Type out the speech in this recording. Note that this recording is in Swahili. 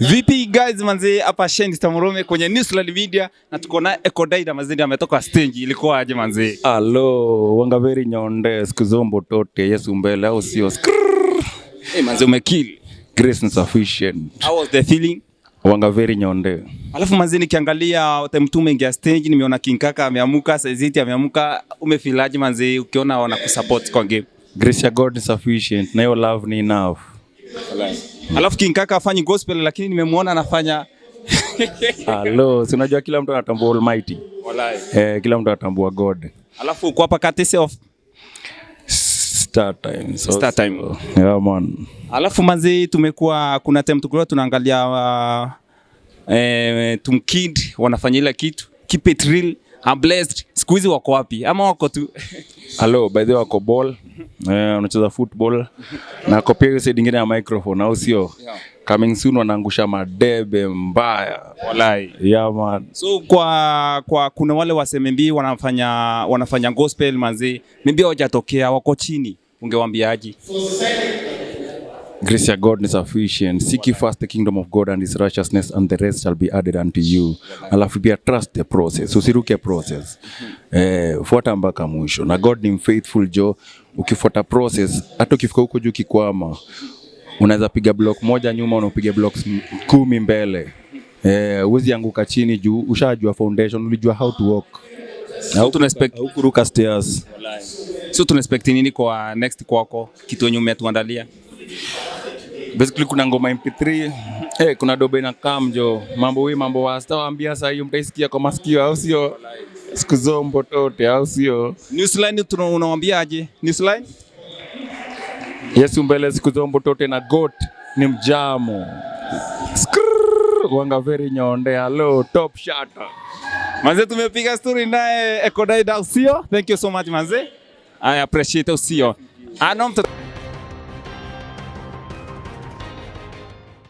Vipi guys manzi, hapa Shendi Tamurume kwenye Newsland Media na tuko na Eko Daida manzi, ametoka stage. Ilikuwa aje manzi? Hello, wangaveri nyonde sikuzombo tote Yesu mbele au sio? Eh, manzi, umekill. Grace is sufficient. How was the feeling? Wanga Wangaveri nyonde. Alafu manzi, nikiangalia time tu umeingia stage nimeona King Kaka ameamuka, Saiziti ameamuka. Umefilaje manzi ukiona wanakusupport kwa game? Grace ya God is sufficient. Na hiyo love ni enough. Alright. Mm. Alafu King Kaka afanye gospel lakini nimemwona anafanya Hello, si unajua kila mtu anatambua Almighty. Walai. Eh, kila mtu anatambua God. Alafu uko hapa kati of Start Time. So, Start Time. So, yeah, man. Alafu manzi tumekuwa kuna time tukua tunaangalia uh, eh, Tumkid wanafanya ile kitu. Keep it real. I'm blessed siku hizi wako wapi ama wako tu halo baidhe wako ball eh, uh, football na ako pia side ingine ya microphone au sio coming soon wanaangusha madebe mbaya walai yeah man so kwa kwa kuna wale wasemembi wanafanya wanafanya gospel manzi mimbi hawajatokea wako chini ungewambiaje so, Grace of God is sufficient. Seek ye first the kingdom of God and his righteousness and the rest shall be added unto you. Alafu pia trust the process. Usiruke process. Eh, fuata mpaka mwisho. Na God ni faithful jo. Ukifuata process, hata ukifika huko juu kikwama, unaweza piga block moja nyuma, unapiga blocks kumi mbele. Eh, uwezi anguka chini juu ushajua foundation, ulijua how to walk. Na tuna expect kuruka stairs. Sio tuna expect nini kwa next kwako? Kitu yenye umetuandalia? basically kuna ngoma MP3 eh, hey, kuna dobe na jo mambo wewe mambo wasta waambia sasa, hiyo mtaisikia kwa masikio, au sio? Siku zombo tote, au sio? Newsline tunawaambiaje? Newsline Yesu mbele siku zombo tote na got ni mjamo wanga very nyonde. Hello top shot manze, tumepiga story naye Ekodai Dausio. Thank you so much manze, I appreciate Usio.